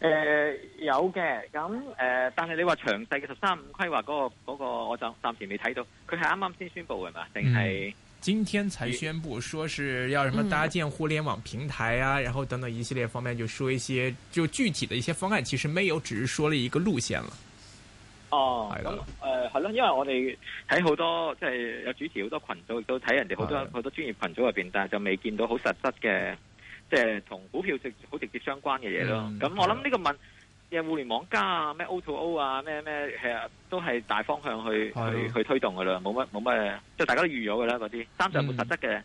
誒、呃，有嘅，咁、嗯、誒、呃，但係你話詳細嘅十三五規劃嗰個嗰個，那個、我就暫時未睇到。佢係啱啱先宣布係嘛，定係、嗯、今天才宣布，說是要什麼搭建互聯網平台啊，嗯、然後等等一系列方面，就說一些就具體的一些方案，其實沒有，只是說了一個路線啦。哦，咁誒、係、嗯、咯、呃，因為我哋睇好多即係、就是、有主持好多群組，亦都睇人哋好多好多專業群組入邊，但係就未見到好實質嘅。即係同股票直好直接相關嘅嘢咯。咁、嗯、我諗呢個問嘅互聯網加啊咩 O to O 啊咩咩，其實都係大方向去去去推動嘅啦。冇乜冇乜，即係大家都預咗嘅啦。嗰啲三就係冇實質嘅。嗯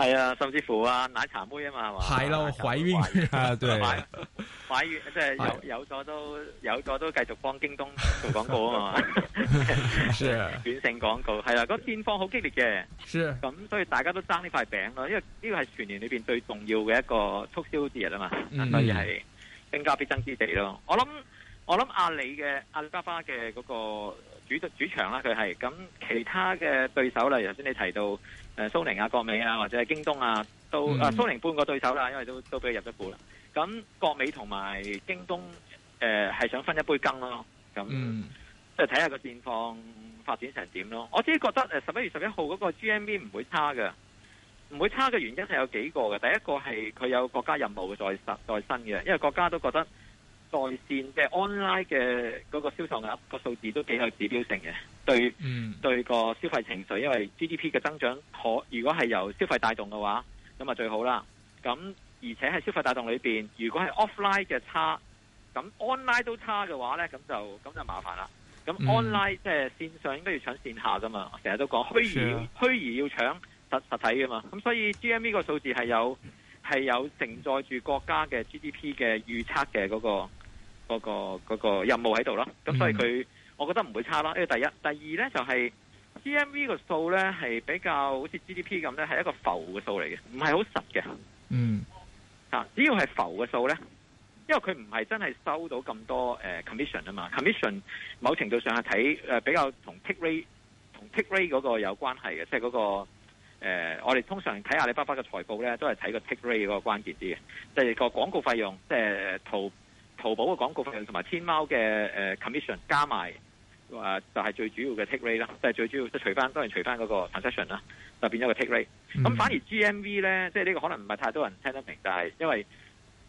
係啊， 甚至乎啊，奶茶妹啊嘛，係嘛？係啦，懷孕啊，對，懷孕，啊、 即係有有咗都有咗都繼續幫京東做廣告啊嘛 軟性廣告，是啊，軟性廣告係啦，那個戰況好激烈嘅，是，啊，咁所以大家都爭呢塊餅咯，因為呢個係全年裏邊最重要嘅一個促銷節日啊嘛，嗯嗯，所以係兵家必爭之地咯，我諗。我諗阿里嘅阿里巴巴嘅嗰個主主場啦，佢,係咁其他嘅對手啦。頭先你提到誒、呃，蘇寧啊、國美啊，或者係京東都、嗯、啊，到誒蘇寧半個對手啦，因為都都俾佢入咗股啦。咁國美同埋京東誒，係、呃、想分一杯羹咯。咁即係睇下個戰況發展成點咯。我自己覺得誒，十一月十一號嗰個 GMV 唔會差嘅，唔會差嘅原因係有幾個嘅。第一個係佢有國家任務在實在新嘅，因為國家都覺得。在線嘅 online 嘅嗰個銷售額個數字都幾有指標性嘅，對對個消費情緒，因為 GDP 嘅增長可如果係由消費帶動嘅話，咁啊最好啦。咁而且喺消費帶動裏邊，如果係 offline 嘅差，咁 online 都差嘅話咧，咁就咁就麻煩啦。咁 online 即係線上應該要搶線下噶嘛，成日都講虛擬虛擬要搶實實體噶嘛。咁所以 GMV 個數字係有係有承載住國家嘅 GDP 嘅預測嘅嗰個。嗰、那個那個任務喺度咯，咁所以佢、嗯，我覺得唔會差咯。呢個第一，第二咧就係、是、GMV 個數咧係比較好似 G D P 咁咧係一個浮嘅數嚟嘅，唔係好實嘅。嗯，啊，只要係浮嘅數咧，因為佢唔係真係收到咁多誒、呃、commission 啊嘛。commission 某程度上係睇誒比較同 take rate 同 take rate 嗰個有關係嘅，即係嗰個、呃、我哋通常睇阿里巴巴嘅財報咧都係睇個 take rate 嗰個關鍵啲嘅，即、就、係、是、個廣告費用即係淘，就是呃.淘寶嘅廣告同埋天貓嘅誒 commission 加埋，話就係最主要嘅 take rate 啦，即係最主要即係除翻當然除翻嗰個 transaction 啦，就變咗個 take rate。咁、嗯、反而 G M V 咧，即係呢個可能唔係太多人聽得明，但係因為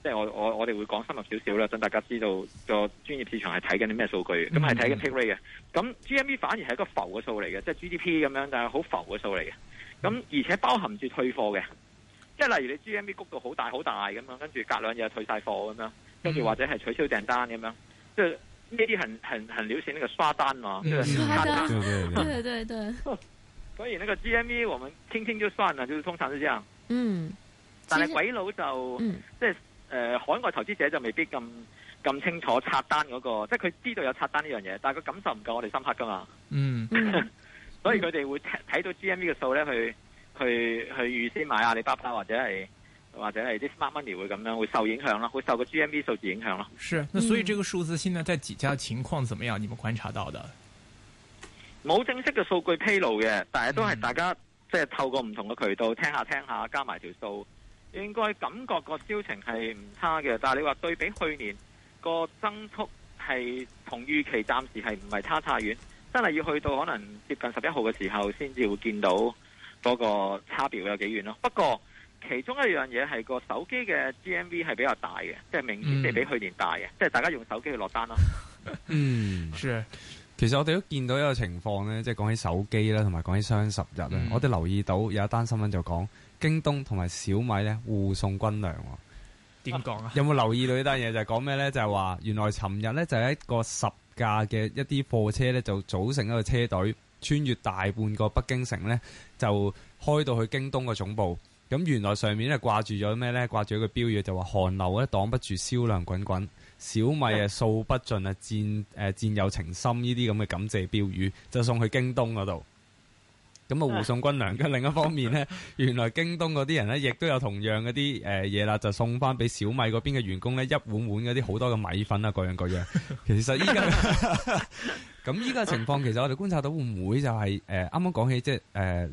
即係、就是、我我我哋會講深入少少啦，等大家知道個專業市場係睇緊啲咩數據，咁係睇緊 take rate 嘅。咁 G M V 反而係一個浮嘅數嚟嘅，即、就、係、是、G D P 咁樣，但係好浮嘅數嚟嘅。咁而且包含住退貨嘅，即係例如你 G M V 谷到好大好大咁樣，跟住隔兩日退晒貨咁樣。跟、嗯、住或者係取消訂單咁樣，即係呢啲很很很流行呢個刷單咯，對對對對刷單，對對對，對，所以呢個 G M V 我們傾傾都算啦，都通常都知啊。嗯，但係鬼佬就即係誒海外投資者就未必咁咁清楚刷單嗰、那個，即係佢知道有刷單呢樣嘢，但係佢感受唔夠我哋深刻噶嘛。嗯， 所以佢哋會睇睇到 G M V 嘅數咧去去去預先買阿里巴巴或者係。或者係啲 smart money 會咁樣，會受影響咯，會受個 GMV 數字影響咯。是，那所以這個數字現在在幾家情況怎麼樣？你們觀察到的，冇正式嘅數據披露嘅，但係都係大家即係透過唔同嘅渠道聽下聽下，加埋條數，應該感覺個銷情係唔差嘅。但係你話對比去年個增速係同預期，暫時係唔係差太遠，真係要去到可能接近十一號嘅時候，先至會見到嗰個差別會有幾遠咯。不過。其中一樣嘢係個手機嘅 GMV 係比較大嘅，即係明顯地比去年大嘅，即、嗯、係大家用手機去落單咯。 嗯，Sure. 其實我哋都見到一個情況呢，即係講起手機啦，同埋講起雙十日咧，嗯、我哋留意到有一單新聞就講京東同埋小米咧互送軍糧。點講啊？有冇留意到呢單嘢？就係講咩呢？就係、是、話原來尋日呢，就係一個十架嘅一啲貨車呢，就組成一個車隊穿越大半個北京城呢，就開到去京東嘅總部。咁原來上面咧掛住咗咩呢？掛住一個標語就話寒流咧，擋不住銷量滾滾，小米啊，數不盡啊，戰誒戰友情深呢啲咁嘅感謝標語，就送去京東嗰度。咁啊，互送軍糧，嘅另一方面呢，原來京東嗰啲人呢，亦都有同樣嗰啲嘢啦，就送翻俾小米嗰邊嘅員工呢，一碗碗嗰啲好多嘅米粉啊，各樣各樣。其實依家咁依家嘅情況，其實我哋觀察到會唔會就係啱啱講起即係、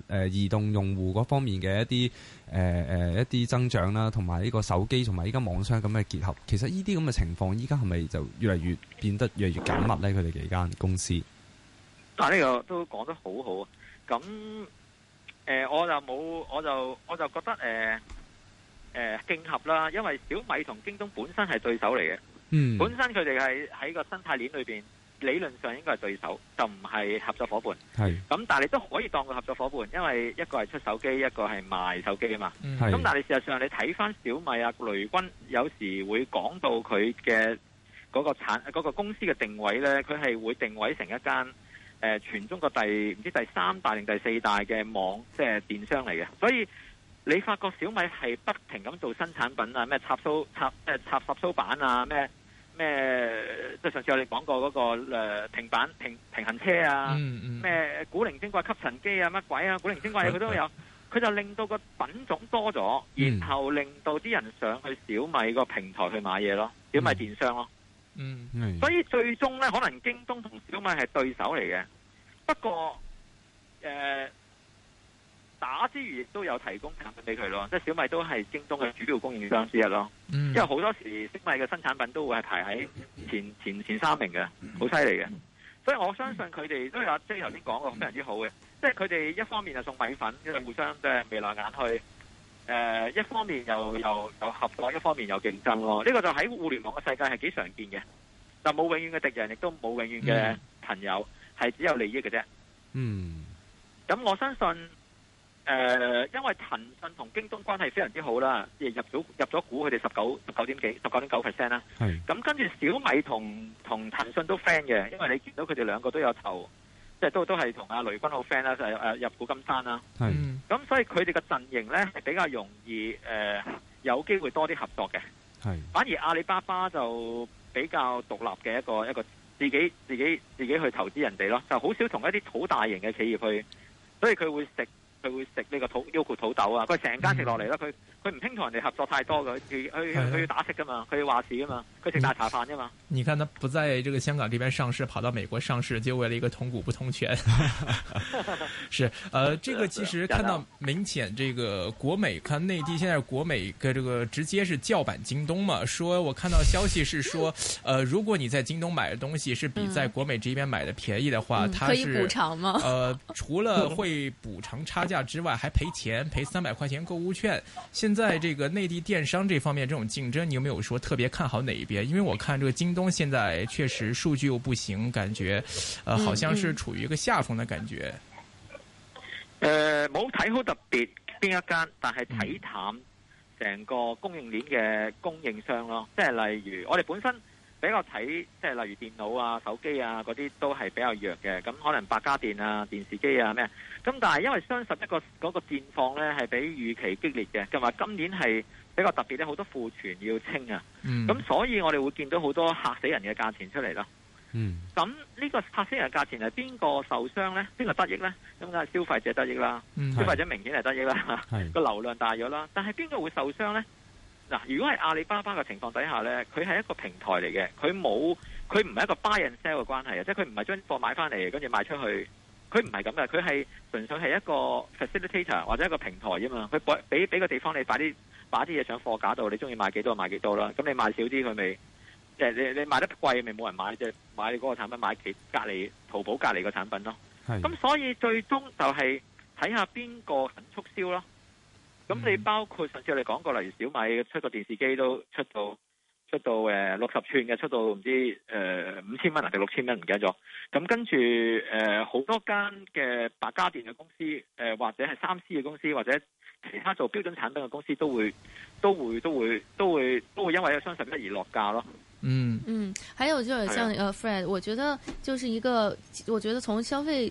呃、移動用戶嗰方面嘅一啲、呃、一啲增長啦，同埋呢個手機同埋依家網商咁嘅結合，其實依啲咁嘅情況，依家係咪就越嚟越變得越嚟越緊密呢？佢哋幾間公司，但呢個都講得好好啊！咁誒、呃，我就冇，我就我就覺得誒誒競合啦，因為小米同京東本身係對手嚟嘅。嗯，本身佢哋係喺個生態鏈裏邊，理論上應該係對手，就唔係合作伙伴。係咁，但係你都可以當佢合作伙伴，因為一個係出手機，一個係賣手機啊嘛。咁、嗯、但係你事實上，你睇翻小米啊雷軍，有時會講到佢嘅嗰個產嗰個公司嘅定位咧，佢係會定位成一間。誒、呃，全中國第唔知第三大定第四大嘅網，即係電商嚟嘅。所以你發覺小米係不停咁做新產品啊，咩插蘇插誒插插蘇板啊，咩咩即係上次我哋講過嗰、那個、呃、平板平平衡車啊，咩、嗯嗯、古靈精怪吸塵機啊，乜鬼啊，古靈精怪佢都有，佢、嗯、就令到個品種多咗、嗯，然後令到啲人上去小米個平台去買嘢咯，小米電商咯。嗯，嗯，所以最終咧，可能京東同小米係對手嚟嘅。不過，誒、呃、打之餘，亦都有提供產品俾佢咯。即係小米都係京東嘅主要供應商之一咯，嗯。因為好多時，小米嘅新產品都會係排喺前前前三名嘅，好犀利嘅。所以我相信佢哋都有，即係頭先講過非常之好嘅，即係佢哋一方面就送米粉，因、就、係、是、互相即係未來眼去。誒、uh, 一方面又又有，有合作，一方面又競爭咯。呢、oh. 個就喺互聯網嘅世界係幾常見嘅。但冇永遠嘅敵人，亦都冇永遠嘅朋友，係、mm. 只有利益嘅啫。嗯。咁我相信誒、呃，因為騰訊同京東關係非常之好啦，亦入咗入咗股佢哋十九十九點幾十九點九 percent 啦。係。咁跟住小米同同騰訊都 friend 嘅，因為你見到佢哋兩個都有投。即係都都係同阿雷軍好 friend 啦，就係誒入股金山啦。係，咁所以佢哋嘅陣營咧係比較容易誒、呃、有機會多啲合作嘅。係，反而阿里巴巴就比較獨立嘅一個一個自己自己自己去投資人哋咯，就好少同一啲好大型嘅企業去，所以佢會食。佢會食呢個土包括、這個、土豆啊，佢成間食落嚟啦。佢佢唔興同人哋合作太多㗎，佢佢要打食㗎嘛，佢要話事㗎嘛，佢食大茶飯啫嘛，嗯。你看他不在這個香港這邊上市，跑到美國上市，就為了一個同股不同權。 是，呃， 這個其實看到明顯，這個國美，看內地現在國美跟這個直接是叫板京東嘛。說我看到消息是說，呃，如果你在京東買的東西是比在國美這邊買的便宜的話，嗯，它是可以補償嗎？呃，除了會補償差距。 價之外還賠錢，賠三百塊錢購物券。現在這個內地電商這方面這種競爭，你有沒有說特別看好哪一邊？因為我看這個京東現在確實數據又不行，感覺，呃，好像是處於一個下風的感覺。嗯嗯。呃，冇睇好特別邊一間，但係睇淡成個供應鏈嘅供應商咯，即係例如我哋本身。比較睇即係例如電腦啊、手機啊嗰啲都係比較弱嘅，咁可能百家電啊、電視機啊咩，咁但係因為雙十一個嗰個戰況咧係比預期激烈嘅，同埋今年係比較特別咧，好多庫存要清啊，咁、嗯、所以我哋會見到好多嚇死人嘅價錢出嚟咯。咁、嗯、呢個嚇死人嘅價錢係邊個受傷咧？邊個得益咧？咁梗係消費者得益啦、嗯，消費者明顯係得益啦，個 流量大咗啦，但係邊個會受傷咧？嗱，如果係阿里巴巴嘅情況底下呢，佢係一個平台嚟嘅，佢冇，佢唔係一個 buy and sell 嘅關係啊，即係佢唔係將貨買翻嚟跟住賣出去，佢唔係咁嘅，佢係純粹係一個 facilitator 或者一個平台啫嘛，佢俾俾俾個地方你擺啲擺啲嘢上貨架度，你中意賣幾多賣幾多啦，咁你賣少啲佢咪即係你你賣得貴咪冇人買，即係買你嗰個產品買其隔離淘寶隔離個產品咯，咁所以最終就係睇下邊個肯促銷咯。咁 你包括上次我哋講過，例如小米出個電視機都出到出到誒六十吋嘅，出到唔、呃、知誒、呃、五千蚊啊定六千蚊唔記得咗。咁跟住誒好多間嘅白家電嘅公司，呃、或者係三 C 嘅公司，或者其他做標準產品嘅公司都，都會都會都會都會都會因為有個雙十一而落價咯。嗯嗯，還有就像阿、uh, Fred，我覺得就是一個，我覺得從消費。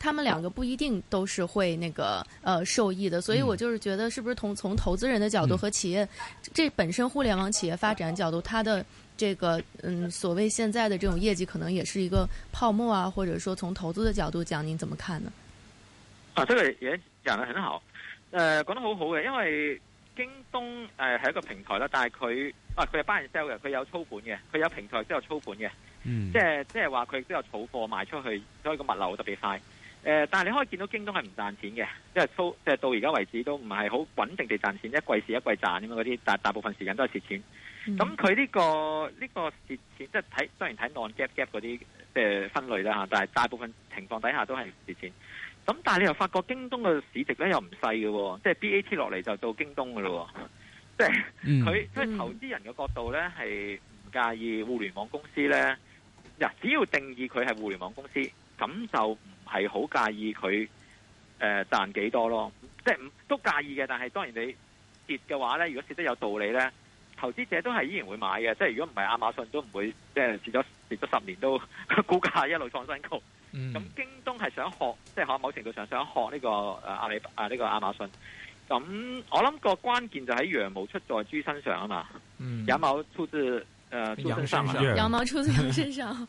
他們兩個不一定都是會那個呃受益的，所以我就是覺得是不是從從投資人的角度和企業，嗯、這本身互聯網企業發展角度，它的這個嗯所謂現在的這種業績，可能也是一個泡沫啊，或者說從投資的角度講，您怎麼看呢？啊，這個也講得很好，呃，講得很好好嘅，因為京東誒係、呃、一個平台啦，但係佢啊佢係 buy sell 嘅，佢有操盤嘅，佢有平台之後操盤嘅，嗯，即係即係話佢都有儲貨賣出去，所以個物流特別快。誒、呃，但係你可以見到京東係唔賺錢嘅，因係粗，即係到而家為止都唔係好穩定地賺錢，一季蝕一季賺咁樣嗰啲，但係大，大部分時間都係蝕錢。咁佢呢個呢、呢個蝕錢，即係睇當然睇 non-GAAP GAAP 嗰啲即係分類啦嚇、啊，但係大部分情況底下都係蝕錢。咁但係你又發覺京東嘅市值咧又唔細嘅，即係 B A T 落嚟就到京東嘅咯、嗯。即係佢喺投資人嘅角度咧係唔介意互聯網公司咧，嗱、嗯、只要定義佢係互聯網公司，咁就。係好介意佢誒、呃、賺幾多咯，即係都介意嘅。但係當然你跌嘅話咧，如果跌得有道理咧，投資者都係依然會買嘅。即係如果唔係亞馬遜都唔會，即係跌咗跌咗十年都股價一路創新高。咁、嗯、京東係想學，即係喺某程度上想學呢、這個誒阿里啊呢、啊啊這個亞馬遜。咁我諗個關鍵就喺羊毛出在豬身上啊嘛。嗯、有冇出自誒？羊羊毛出自羊身上。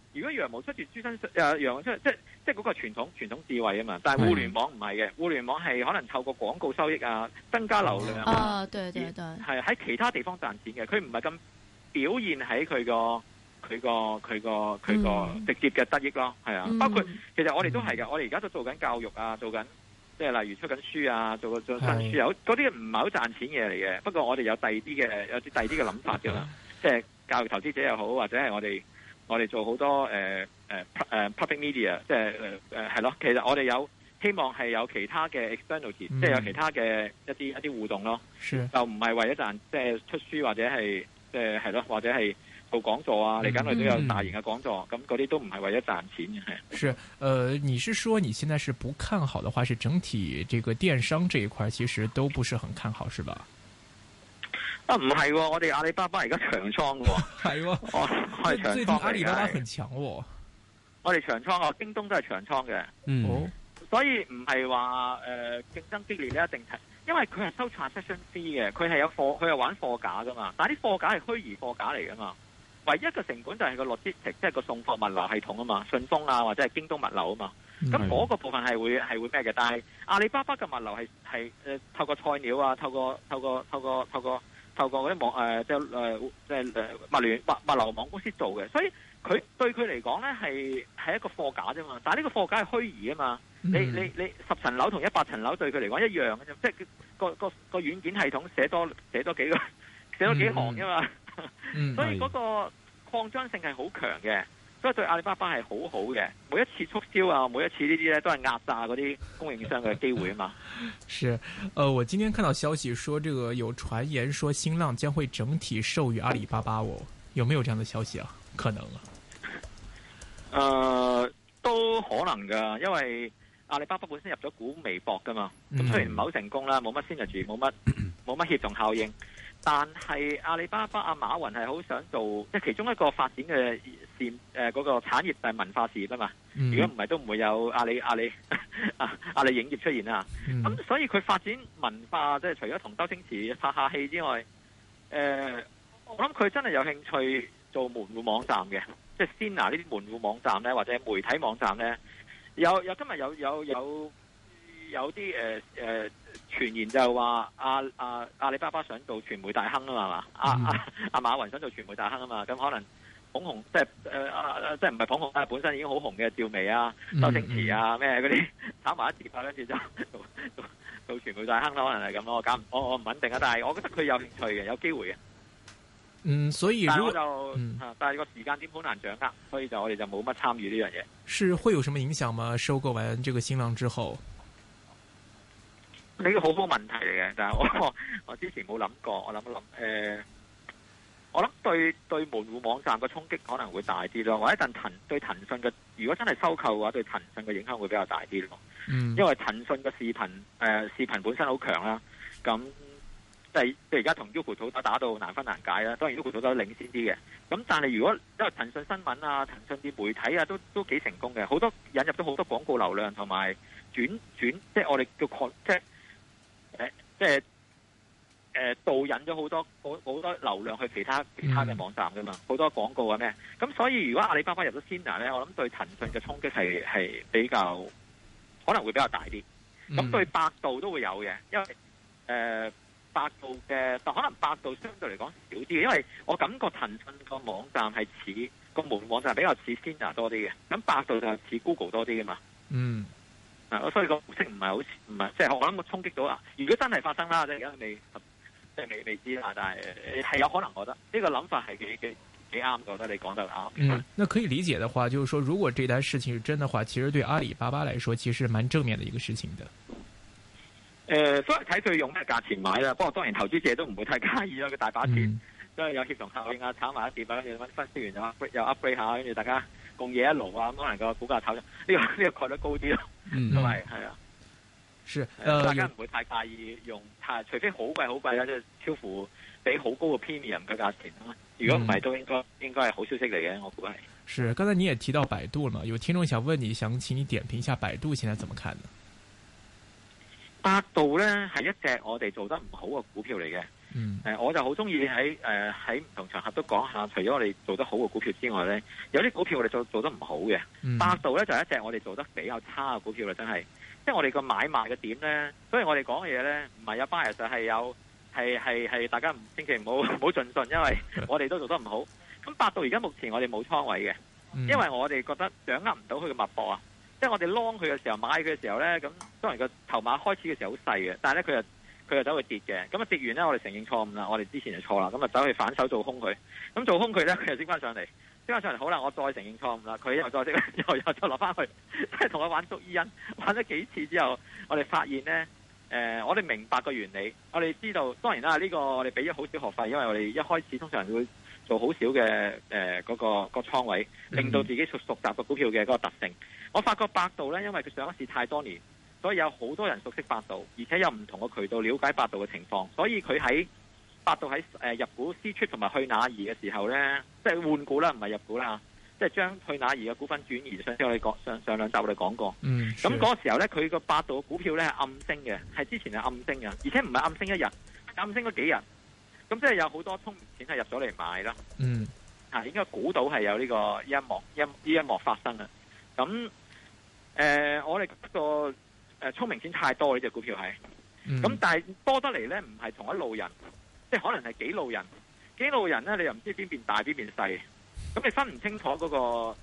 如果羊毛出住豬身，誒、啊、羊毛出即即即嗰個傳統傳統智慧啊嘛，但係互聯網唔係嘅，互聯網係可能透過廣告收益啊，增加流量啊，係、哦、對、對、對、喺其他地方賺錢嘅，佢唔係咁表現喺佢個佢個佢個佢個直接嘅得益咯，係、嗯、啊，包括其實我哋都係嘅，我哋而家都在做緊教育啊，做緊即係例如出緊書啊，做做新書，有嗰啲唔係好賺錢嘢嚟嘅，不過我哋有第二啲嘅有啲第二啲嘅諗法㗎啦，即係教育投資者又好，或者係我哋。我哋做好多誒誒誒 public media，即係誒係咯。呃、rite, 其實我哋有希望係有其他嘅 external，、嗯、即係有其他嘅一啲一啲互動咯。就唔係為咗賺，即係出書或者係即係係咯，或者係做講座啊。嚟緊我都有大型嘅講座，咁嗰啲都唔係為咗賺錢嘅。係、嗯，是，誒、呃，你是說你現在是不看好的話，是整體這個電商這一塊其實都不是很看好，是吧？唔係喎！我哋阿里巴巴而家長倉嘅喎、哦，係 喎對、哦， 我我長倉阿里巴巴很強喎。我哋長倉啊，京東都係長倉嘅。嗯，所以唔係話誒競爭激烈一定係因為佢係收 transaction fee 嘅，佢係有貨，佢係玩貨架噶嘛。但係啲貨架係虛擬貨架嚟噶嘛，唯一嘅成本就係個 logistic，即係個送貨物流系統啊嘛，順豐啊或者係京東物流啊嘛。咁、嗯、嗰個部分係會係會咩嘅？但係阿里巴巴嘅物流係、呃、透過菜鳥啊，透透透透過。透過透過透過嗰啲網誒即係誒即係誒物聯物物流網公司做嘅，所以佢對佢嚟講咧係係一個貨架啫嘛，但係呢個貨架係虛擬啊嘛，你你你十層樓同一百層樓對佢嚟講一樣嘅啫，即係個個個軟件系統寫多寫多幾個寫多幾行啊嘛，嗯、 所以嗰個擴張性係好強嘅。嗯所以對阿里巴巴係好好嘅，每一次促銷啊，每一次呢啲咧都係壓榨嗰啲供應商嘅機會啊嘛。 是，呃，我今天看到消息說，這個有傳言說新浪將會整體授予阿里巴巴，哦，我有沒有這樣的消息啊？可能啊？呃，都可能噶，因為阿里巴巴本身入咗股微博噶嘛，咁，嗯、雖然唔係好成功啦，冇乜 synergy，冇乜冇乜協同效應。但係阿里巴巴阿馬雲係好想做，即係其中一個發展嘅事，誒嗰個產業就係文化事業啊嘛。如果唔係，都唔會有阿里阿里阿阿里影業出現啊。嗯，咁所以佢發展文化，即係除咗同周星馳拍下戲之外，誒，我諗佢真係有興趣做門戶網站嘅，即係 Sina 呢啲門戶網站咧，或者媒體網站咧，有有今日有有有。有啲誒誒傳言就話阿阿阿里巴巴想做傳媒大亨啊嘛，阿阿阿馬雲想做傳媒大亨啊嘛。咁可能捧紅即係誒，即係唔係捧紅，但係本身已經好紅嘅趙薇啊、周星馳啊、咩嗰啲炒埋一碟啊，跟住就做做傳媒大亨啦。可能係咁咯，咁我我唔穩定啊。但係我覺得佢有興趣嘅，有機會嘅。嗯，所以如果但係、嗯啊、個時間點好難掌握，所以就我哋就冇乜參與呢樣嘢。是會有什麼影響嗎？收購完這個新浪之後。你個好多問題嚟嘅，但係我我之前冇諗過。我諗一諗、呃，我諗對對門戶網站嘅衝擊可能會大啲咯。或者一陣騰對騰訊嘅，如果真係收購嘅話，對騰訊嘅影響會比較大啲咯。嗯，因為騰訊嘅視頻、呃、視頻本身好強啦，咁第即係而家同 YouTube 打打到難分難解啦。當然 YouTube 都領先啲嘅，咁但係如果因為騰訊新聞啊、騰訊啲媒體啊都都幾成功嘅，好多引入咗好多廣告流量同埋轉轉，即係我哋叫擴即係誒、就是，即係誒導引咗好多好好多流量去其他其他嘅網站噶嘛，好多廣告啊咩，咁所以如果阿里巴巴入咗 Sina 咧，我諗對騰訊嘅衝擊係係比較可能會比較大啲，咁對百度都會有嘅，因為誒、呃、百度嘅，但可能百度相對嚟講少啲，因為我感覺騰訊個網站係似個門網站比較似 Sina 多啲嘅，咁百度就似 Google 多啲嘅嘛，嗯。所、嗯、以講模式唔係好唔係，即係我諗我衝擊到啊！如果真係發生啦，即係而家未，即係未未知啦。但係係有可能，我覺得呢個諗法係幾幾幾啱。覺得你講得啱。嗯，那可以理解的話，就是說，如果這單事情係真的話，其實對阿里巴巴來說，其實蠻正面的一個事情的。誒、呃，所以睇佢用咩價錢買啦。不過當然，投資者都唔會太介意咯。佢大把錢，即、嗯、係有協同效應啊，炒埋一碟，跟住分析完又 upgrade，又 upgrade 一下，跟住大家。共嘢一路啊，可能夠股價炒上，呢、這個呢、這個概率高啲咯，同埋係啊，是，是呃、大家唔會太介意用，係除非好貴好貴啦，即、就、係、是、超乎俾好高嘅 premium 嘅價錢，如果唔係都應該、嗯、應該係好消息嚟嘅，我估係。是，剛才你也提到百度啦，有聽眾想問你，想請你點評一下百度現在怎麼看呢？百度咧係一隻我哋做得唔好嘅股票嚟嘅。嗯、mm.，我就好中意喺喺唔同場合都講下，除咗我哋做得好嘅股票之外咧，有啲股票我哋做做得唔好嘅，百、mm. 度咧就係、是、一隻我哋做得比較差嘅股票啦，真係，即、就、係、是、我哋個買賣嘅點咧，所以我哋講嘅嘢咧，唔係有 bias，就係有係大家唔千祈唔好唔好盡信，因為我哋都做得唔好。咁百度而家目前我哋冇倉位嘅，因為我哋覺得掌握唔到佢嘅脈搏啊，即、mm. 係我哋、就是、long 佢嘅時候買佢嘅時候咧，咁當然個籌碼開始嘅時候好細嘅，但係咧佢又。佢又走去跌嘅，咁啊跌完呢，我哋承認錯誤啦，我哋之前就錯啦，咁啊走去反手做空佢，咁做空佢呢，佢又升翻上嚟，升翻上嚟，好啦，我再承認錯誤啦，佢又再升，又又再落翻去，即係同佢玩捉伊人，玩咗幾次之後，我哋發現呢，誒、呃，我哋明白個原理，我哋知道，當然啦，呢個我哋俾咗好少學費，因為我哋一開始通常會做好少嘅誒嗰個、那個倉位，令到自己熟熟習個股票嘅嗰個特性。我發覺百度呢，因為佢上一世太多年。所以有好多人熟悉百度，而且有唔同嘅渠道了解百度嘅情況，所以佢喺百度喺誒、呃、入股、攜程同埋去哪兒嘅時候咧，即係換股啦，唔係入股啦，吓，即係將去哪兒嘅股份轉移上。上次我哋講上上兩集我哋講過，咁、嗯、嗰時候咧，佢個百度嘅股票咧係暗升嘅，係之前係暗升嘅，而且唔係暗升一日，暗升嗰幾日，咁即係有好多湧錢係入咗嚟買啦。嗯，嚇、這個，應該估到係有呢個一幕、一呢一幕發生啊。咁誒、呃，我哋個。誒聰明錢太多呢隻股票係，咁、嗯、但係多得嚟咧，唔係同一路人，即係可能係幾路人，幾路人咧，你又唔知邊邊大邊邊細，咁你分唔清楚嗰、嗰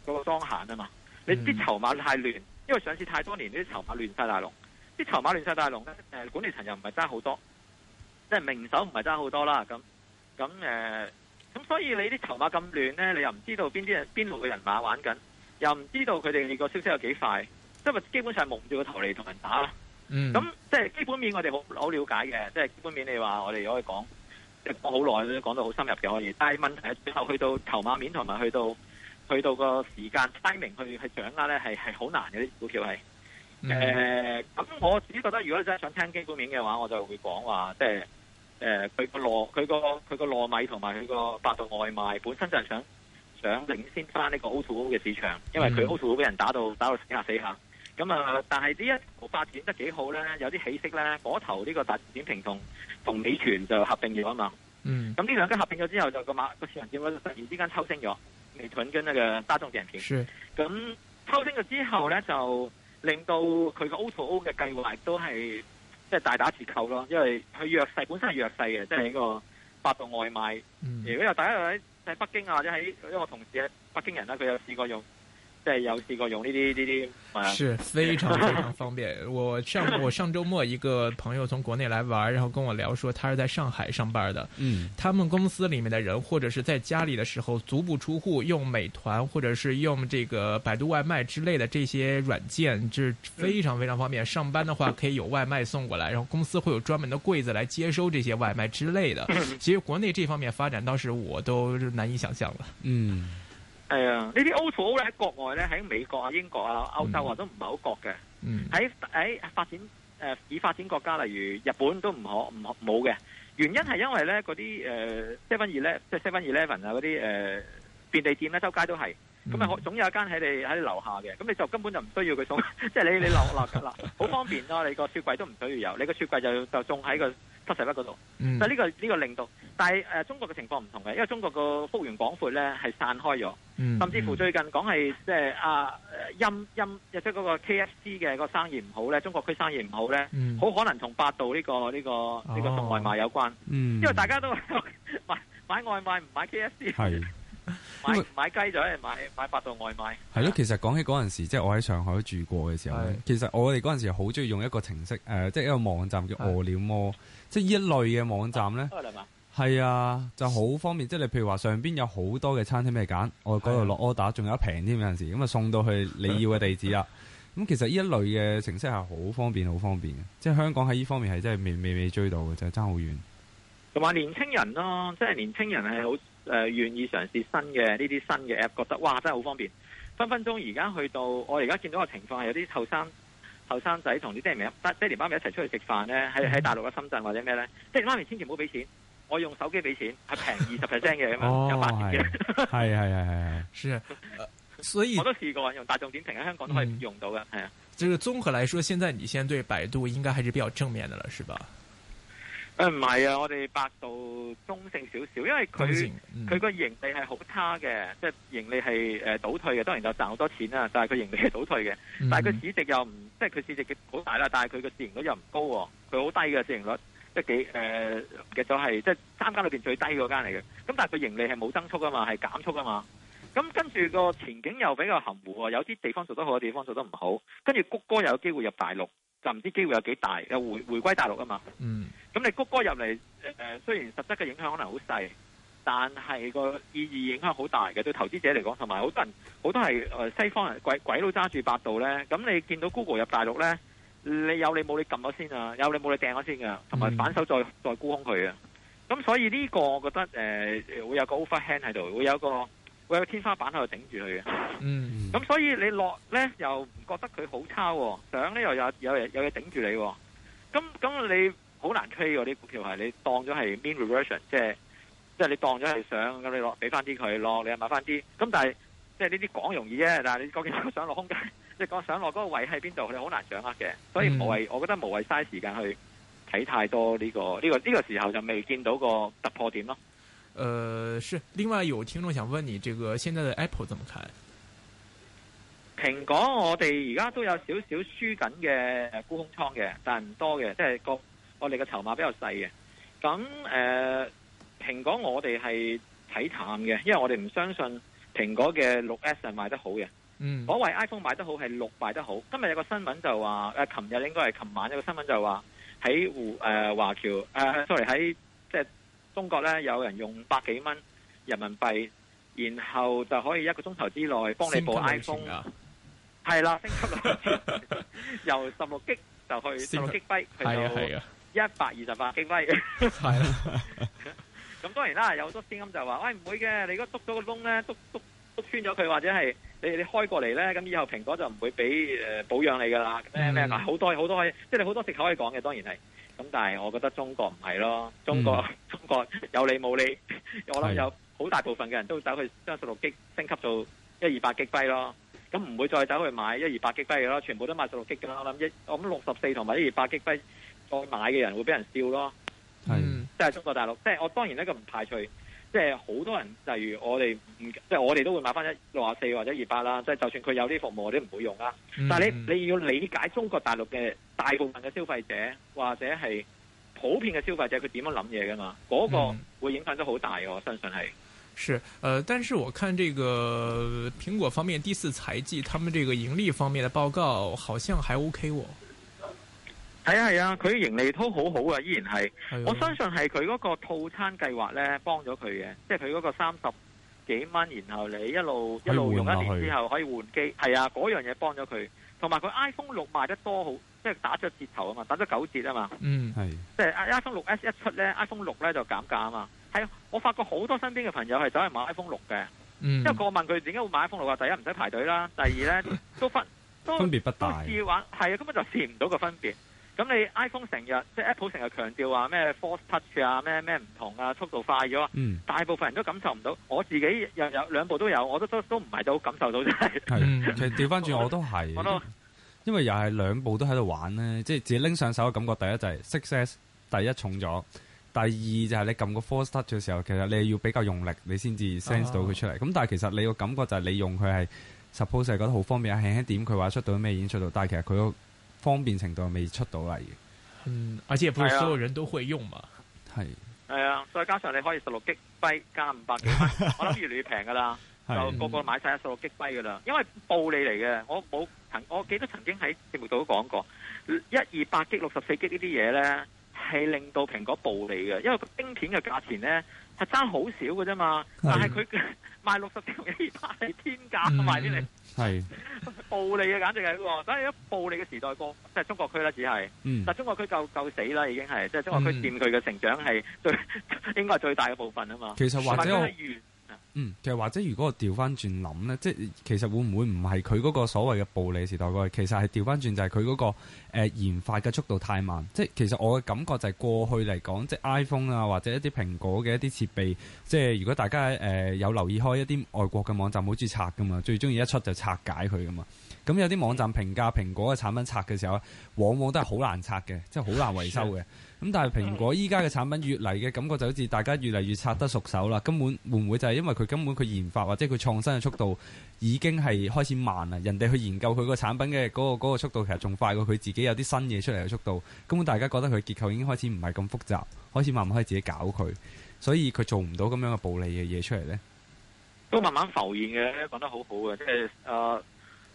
個嗰當限啊嘛，你啲籌碼太亂，因為上市太多年，啲籌碼亂晒大龍，啲籌碼亂晒大龍咧，誒管理層又唔係揸好多，即係明手唔係揸好多啦，咁咁誒，咁、呃、所以你啲籌碼咁亂咧，你又唔知道邊啲人邊路嘅人馬玩緊，又唔知道佢哋個消息有幾快。因為基本上係矇住個頭嚟同人打啦，咁、嗯、即係基本面我哋好好瞭解嘅，即係基本面你話我哋可以講，即係講好耐都講到好深入嘅可以。但係問題係最後去到籌碼面同埋去到去到個時間 timing 去去掌握咧，係係好難嘅啲股票係。誒、嗯，咁、呃、我自己覺得如果你真係想聽基本面嘅話，我就會講話，即係誒佢個糯佢個佢個糯米同埋佢個百度外賣本身就係想想領先翻呢個 O to O 嘅市場，因為佢 O to O 俾人打到打到死下死下。咁、嗯、啊！但係呢一毫發展得幾好咧，有啲起色咧。嗰頭呢個大眾點評同同美團就合併咗啊嘛。嗯。咁呢兩間合併咗之後，就個馬個市場點解突然之間抽升咗？美團跟呢個大眾點評。咁抽升咗之後咧，就令到佢個 O to O 嘅計劃都係即係大打折扣咯。因為佢弱勢本身係弱勢嘅，即係呢個百度外賣。如、嗯、果又大家喺喺北京啊，或者喺一個同事喺北京人啦，佢有試過用。真有試過用。呢啲呢啲，是非常非常方便。我上我上周末一個朋友從國內來玩，然後跟我聊說，他是在上海上班的。嗯，他們公司裏面的人或者是在家裏的時候足不出戶，用美團或者是用這個百度外賣之類的這些軟件，就是非常非常方便。上班的話可以有外賣送過來，然後公司會有專門的櫃子來接收這些外賣之類的。其實國內這方面發展，倒是我都難以想象了。嗯。係、哎、啊，國呢啲 O2O 咧喺外咧喺美國啊、英國啊、歐洲啊都唔係好覺嘅。喺、嗯、喺發展誒、呃、以發展國家，例如日本都唔可唔冇嘅。原因係因為咧嗰啲誒 seven 即係 seven eleven 啊嗰啲誒便利店咧，周街都係咁啊，總有一間喺你喺你樓下嘅。咁你就根本就唔需要佢送，即 係你你落落㗎啦，好 方便啦、啊。你個雪櫃都唔需要有，你個雪櫃就就仲喺個七仔嗰度。就、嗯、呢、呢個呢、呢個令到，但係、呃、中國嘅情況唔同嘅，因為中國個幅員廣闊咧係散開咗。嗯嗯、甚至乎最近講係即係阿陰陰即係嗰個 KFC 嘅個生意唔好咧，中國區生意唔好咧，好、嗯、可能同百度呢、呢個呢、呢個呢、哦呢個送外賣有關，嗯、因為大家都買買外賣唔買 KFC，買唔買雞就係買買百度外賣。係咯，其實講起嗰陣時候，即、就、係、是、我喺上海住過嘅時候咧，其實我哋嗰陣時好中意用一個程式，誒、呃，即、就、係、是、一個網站叫餓了麼，即係呢一類嘅網站咧。係啊，就好方便。即係你，譬如話上邊有好多嘅餐廳俾你揀，我嗰度落 order，仲有一平添有陣時，咁啊送到去你要嘅地址啦。咁 其實呢一類嘅程式係好方便，好方便嘅。即係香港喺呢方面係真係未未未追到嘅，就係爭好遠。同埋年青人咯，即係年青人係好誒，願意嘗試新嘅呢啲新嘅 app，覺得哇真係好方便，分分鐘。而家去到我而家見到嘅情況係有啲後生後生仔同啲爹咪爹爹哋媽咪一齊出去食飯咧，喺喺大陸嘅深圳或者咩咧，爹哋媽咪千祈唔好俾錢。我用手機俾錢，係平二十 percent 嘅咁樣，有八折嘅。係係係係係，係啊。所以我都試過用大眾點評喺香港都可以用到嘅。係、嗯、啊。就是綜、這個、合來說，現在你先對百度應該還是比較正面嘅了，是吧？誒唔係啊，我哋百度中性少少，因為佢佢個盈利係好差嘅，即係盈利係誒倒退嘅。當然就賺好多錢啦，但係佢盈利係倒退嘅、嗯。但係佢市值又唔，即係佢市值好大啦。但係佢個市盈率又唔高喎，佢好低嘅市盈率。即係幾誒嘅就係，即、呃、係、就係就係、三間裏邊最低嗰間嚟嘅。咁但係佢盈利係冇增速噶嘛，係減速噶嘛。咁跟住個前景又比較含糊。有啲地方做得好，地方做得唔好。跟住谷歌又有機會入大陸，就唔知機會有幾大。又回回歸大陸啊嘛。嗯。咁你谷歌入嚟誒、呃，雖然實質嘅影響可能好細，但係個意義影響好大嘅。對投資者嚟講，同埋好多人好多係誒西方人鬼鬼佬揸住百度咧。咁你見到 Google 入大陸咧？你有你冇，你撳咗先啊，有你冇你掟咗先噶，同埋反手再再沽空佢啊。咁所以呢個我覺得誒會有個 overhand 喺度，會有個會有個天花板喺度頂住佢嘅。嗯。咁所以你落咧又唔覺得佢好差喎，上咧又有有有嘢頂住你喎。咁咁你好難推嗰啲股票係你當咗係 mean reversion，即係即係你當咗係上咁你落俾翻啲佢落，你又買翻啲。咁但係即係呢啲講容易啫，但係你究竟上落空間？即係個上落嗰個位喺邊度，佢哋好難掌握嘅，所以無謂，嗯、我覺得無謂嘥時間去睇太多呢、這個呢、這個呢、這個、時候就未見到個突破點咯、呃。是另外有聽眾想問你，這個現在的 Apple 怎麼看？蘋果我哋而家都有少少輸緊嘅沽空倉嘅，但係唔多嘅，即、就、係、是、我哋嘅籌碼比較細嘅。咁誒、呃，蘋果我哋係睇淡嘅，因為我哋唔相信蘋果嘅六 S 係賣得好嘅。嗯，我話 iPhone 賣得好係六賣得好。今日有個新聞就話，誒、呃，琴日應該係琴晚有個新聞就話，喺胡誒華僑誒、呃，sorry 喺即係中國咧，有人用百幾蚊人民幣，然後就可以一個鐘頭之內幫你部 iPhone，係啦、啊，升級啦， 由十六 G 就去十六 G B，係啊一百二十八，GB，係啦。咁當然啦，有好多聲音就話，喂、哎、唔會嘅，你如果篤咗個窿咧，篤篤篤穿咗佢，或者係。你你開過嚟咧，咁以後蘋果就唔會俾保養你噶啦，咩咩嗱好多好多，即係你好多藉口可以講嘅，當然係。咁但係我覺得中國唔係咯，中國、嗯、中國有理冇理。我諗有好大部分嘅人都走去將十六激升級做一二八激輝咯，咁唔會再走去買一二八激輝咯，全部都買十六激噶啦。我諗一我諗六十四同埋一二八激輝再買嘅人會俾人笑咯，係、嗯嗯、即係中國大陸，即係我當然呢個唔排除。即係好多人，例如我哋唔即係我哋都會買翻一六啊四或者二八啦。即係就算佢有啲服務，我都唔會用啦。但係你你要理解中國大陸嘅大部分嘅消費者或者係普遍嘅消費者，佢點樣諗嘢㗎嘛？嗰、那個會影響得好大嘅，我相信係是。誒、呃，但是我看這個蘋果方面第四財季，他們這個盈利方面的報告好像還 OK 喎、哦。係啊，係啊，佢盈利都好好啊，依然係、啊。我相信係佢嗰個套餐計劃咧，幫咗佢嘅。即係佢嗰個三十幾蚊，然後你一路一路用一年之後可以換機。係啊，嗰樣嘢幫咗佢。同埋佢 iPhone 六賣得多好，即係打咗折頭啊嘛，打咗九折啊嘛。嗯，係即係 iPhone 六 S 一出咧，iPhone 六咧就減價啊嘛。係啊，我發覺好多身邊嘅朋友係走去買 iPhone 六嘅。嗯，即係過問佢點解會買 iPhone 六啊？第一唔使排隊啦，第二咧都分都 分別不大，試玩，係啊，根本就試唔到個分別。咁你 iPhone 成日即係 Apple 成日強調話、啊、咩 Force Touch 啊咩咩唔同啊，速度快咗、嗯，大部分人都感受唔到。我自己又有，有兩部都有，我都都都唔係到感受到、就是嗯、其實調翻轉我都係、嗯，因為又係兩部都喺度玩咧、啊，即係自己拎上手嘅感覺第一就係 6S 第一重咗，第二就係你撳個 Force Touch 嘅時候，其實你要比較用力你先至 sense 到佢出嚟。咁、哦、但係其實你個感覺就係你用佢係 suppose 係覺得好方便，輕輕點佢話出到咩演出到，但係其實佢方便程度未出到嚟，嗯，而且唔係所有人都會用嘛，係，係啊，再、啊、加上你可以十六 GB 加五百幾，我諗越嚟越平噶啦，就個個買晒十六 GB 噶啦，因為暴利嚟嘅。我冇曾，我記得曾經喺節目度都講過，一二百 GB 六十四 GB 呢啲嘢咧，係令到蘋果暴利嘅，因為晶片嘅價錢咧。係爭好少嘅啫嘛，但係佢 賣六十點幾，係天價賣畀你，暴利啊！簡直係，所以一暴利嘅時代過，即係中國區啦，只係、嗯，但中國區夠，夠死啦，已經係，即、就、係、是、中國區佔佢嘅成長係最應該係最大嘅部分啊嘛。其實或者，或者是。嗯，其實或者如果我調翻轉諗咧，即係其實會唔會唔係佢嗰個所謂嘅暴利時代過去，其實係調翻轉就係佢嗰個誒、呃、研發嘅速度太慢。即係其實我嘅感覺就係過去嚟講即係 iPhone 啊或者一啲蘋果嘅一啲設備，即係如果大家誒、呃、有留意開一啲外國嘅網站，好中意拆噶嘛，最中意一出就拆解佢噶嘛。咁有啲網站評價蘋果嘅產品拆嘅時候，往往都係好難拆嘅，即係好難維修嘅。咁 但係蘋果依家嘅產品越嚟嘅感覺就好似大家越嚟越拆得熟手啦，根本會唔會就係因為佢？根本佢研發或者佢創新嘅速度已經係開始慢啦，人哋去研究佢個產品嘅嗰個嗰個速度其實仲快過佢自己有啲新嘢出嚟嘅速度。根本大家覺得佢結構已經開始唔係咁複雜，開始慢慢可以自己搞佢，所以佢做唔到咁樣嘅暴利嘅嘢出嚟咧。都慢慢浮現嘅，講得好好嘅，即係啊。Uh...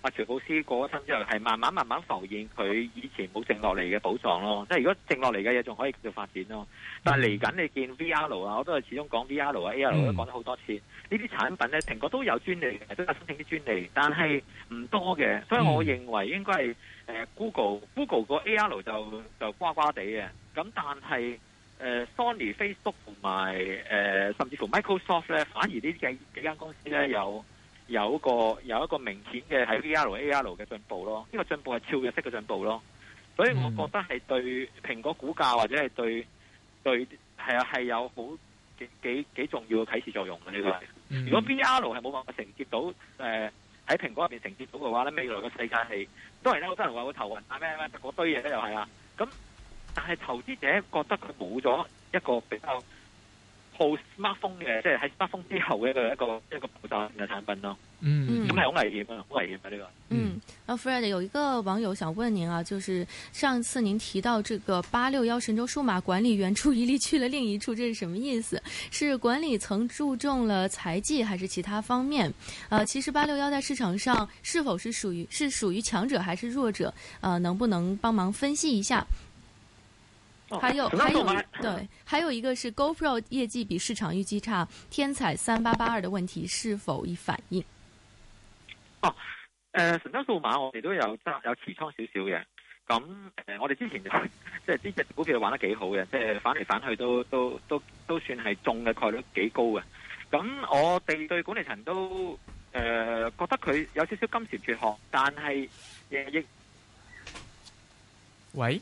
阿喬布斯過咗身之後，係慢慢慢慢浮現佢以前冇剩落嚟嘅保障咯。即係如果剩落嚟嘅嘢，仲可以繼續發展咯。但係嚟緊你見 VR 啊，我都係始終講 VR 啊 AR 都講咗好多次。呢啲產品咧，蘋果都有專利嘅，都有申請啲專利，但係唔多嘅。所以我認為應該係誒 Google Google 個 AR 就就瓜瓜地嘅。咁但係誒 Sony、Facebook、Facebook 同埋誒甚至乎 Microsoft 咧，反而呢幾幾間公司咧有。有一個有一個明顯嘅喺 V R A R 嘅進步咯，呢個進步係超越式嘅進步咯，所以我覺得係對蘋果股價或者係對對係啊係有好幾幾重要嘅啟示作用嘅呢、呢個係。嗯、如果 V R 係冇辦法承接到誒喺、呃、蘋果入邊承接到嘅話咧，未來嘅世界係當然啦。好多人都話會頭暈啊咩咩，嗰堆嘢咧又係啊。咁但係投資者覺得佢冇咗一個比較。post 嘅，即係喺北風之後嘅一個一個一個補炸嘅產品咯。嗯，咁係好危險啊，好危險啊呢個。嗯、阿、嗯、Fred 有一個網友想問您啊，就是上次您提到這個八六一神州數碼管理員注意力去了另一處，這是什麼意思？是管理層注重了財技還是其他方面？呃，其實八六一在市場上是否是屬於是屬於強者還是弱者？呃，能不能幫忙分析一下？還有、哦、還有，對，還有一個是 GoPro 業績比市場預期差，天彩三八八二的問題是否已反映？哦、啊，誒、呃，神州數碼我哋都有揸有持倉少少嘅，咁誒、呃，我哋之前就即係呢隻股票玩得幾好嘅，即係反嚟反去都都都都，都算係中嘅概率幾高嘅，咁我哋對管理層都誒、呃、覺得佢有少少金蟬脫殼，但係亦亦，喂。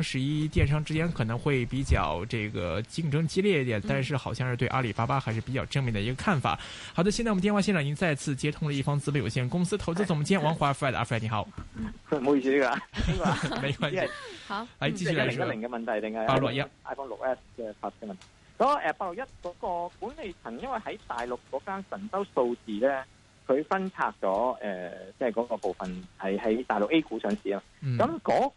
十一電商之間可能會比較這個競爭激烈一點，但是好像是對阿里巴巴還是比較正面的一個看法，嗯。好的，現在我們電話線上已經再次接通了一方資本有限公司投資總監王華 Fred 阿 Fred，你好。唔好意思，這個、這個、 沒關係。 好，來繼續來說。零一零嘅問題，定係八六一 iPhone 六 S 嘅發嘅問題。咁、啊、八六一嗰個管理層，因為喺大陸嗰間神州數字呢，佢分拆咗誒，即係嗰個部分係喺大陸 A 股上市啦。咁嗰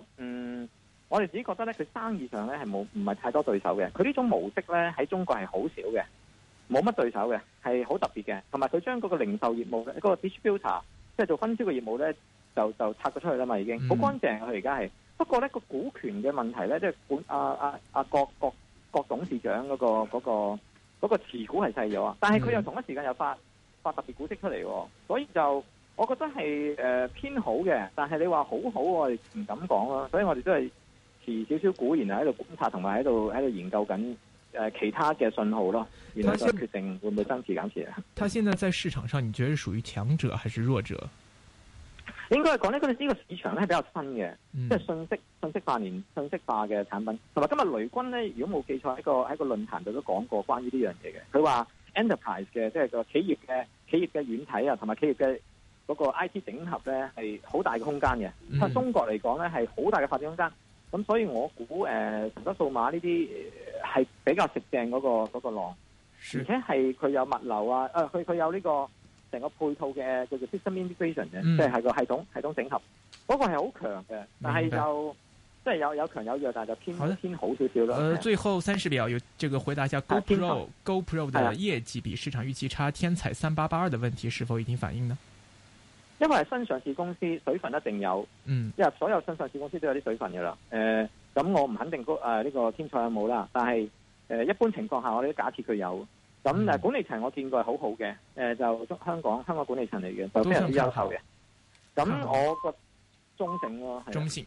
個嗯。那那個嗯我哋自己覺得咧，佢生意上咧係冇唔係太多對手嘅。佢呢種模式咧喺中國係好少嘅，冇乜對手嘅，係好特別嘅。同埋佢將嗰個零售業務咧，嗰、嗯那個 distribution 即係做分銷嘅業務咧，就就拆咗出去啦嘛，已經好乾淨佢而家係。不過咧個股權嘅問題咧，即、就、係、是、本阿阿阿郭郭郭董事長嗰、那個嗰、那個那個、持股係細咗啊。但係佢又同一時間又發發特別股息出嚟喎、哦，所以就我覺得係誒、呃、偏好嘅。但係你話好好，我哋唔敢講咯。所以我哋都係。而少少股，然後喺度觀察，同埋喺度喺度研究緊誒其他嘅信號咯。然後再決定會唔會增持減持啊？他現在在市場上，你覺得屬於強者還是弱者？應該係講呢個呢個市場咧係比較新嘅、嗯，即係信息信息化連信息化嘅產品。同埋今日雷軍咧，如果冇記錯喺個喺個論壇度都講過關於呢樣嘢嘅。佢話 enterprise 嘅即係個企業嘅企業嘅軟體啊，同埋企業嘅嗰個 IT 整合咧係好大嘅空間嘅。喺、嗯、中國嚟講咧係好大嘅發展空間。咁、嗯、所以我，我估誒成個數碼呢啲係比較食正嗰、嗰個嗰、嗰個浪，而且係佢有物流啊，誒佢佢有呢個成個配套嘅叫做 system integration 嘅、嗯，即係係個系統系統整合，嗰個係好強嘅，但係就即係有有強有弱，但係就偏偏好少少咯。誒、呃、最後三十秒，有這個回答一下、啊、GoPro GoPro 的業績比市場預期差，天彩三八八二的問題是否已經反映呢？因為新上市公司水分一定有、嗯，因為所有新上市公司都有啲水分噶啦。誒、呃，咁我唔肯定嗰呢、呃呢個天才有冇啦，但係誒、呃、一般情況下我哋都假設佢有。咁誒、嗯、管理層我見過係好好嘅，誒、呃、就香港香港管理層嚟嘅，就非常之優秀嘅。咁我個中性咯，係。